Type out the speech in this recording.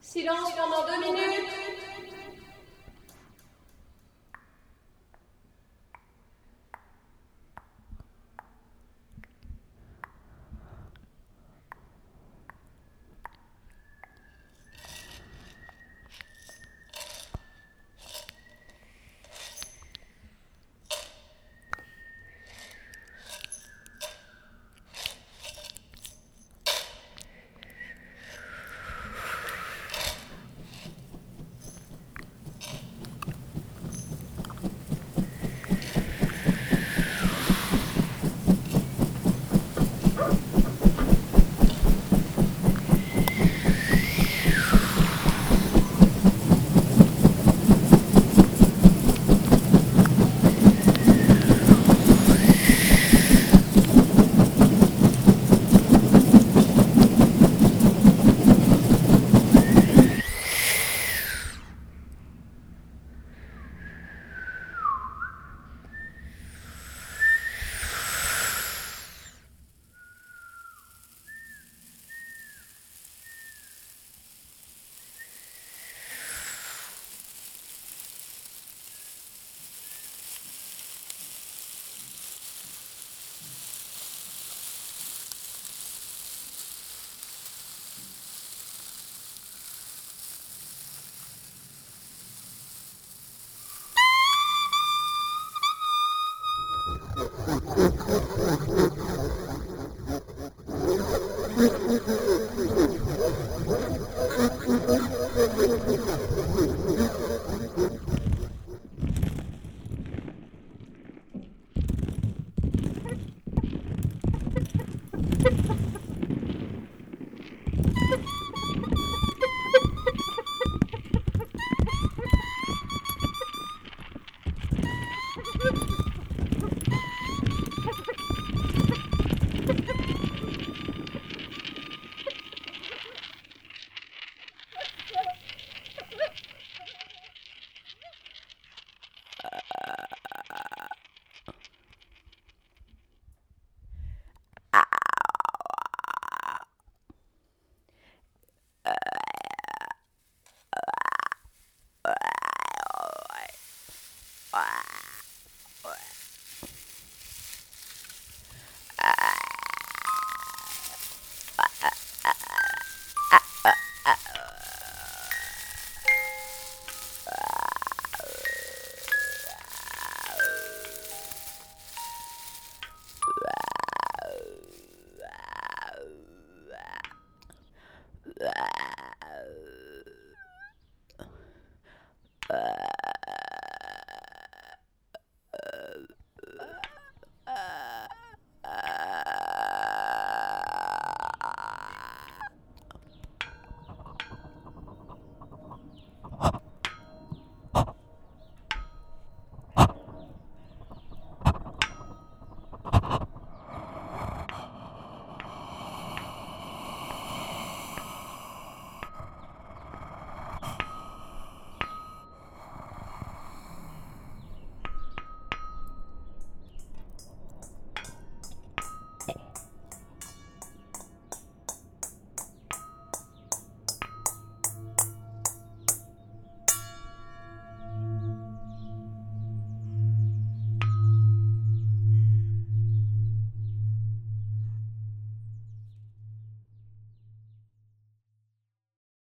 silence pendant deux minutes. Thank you. Uh,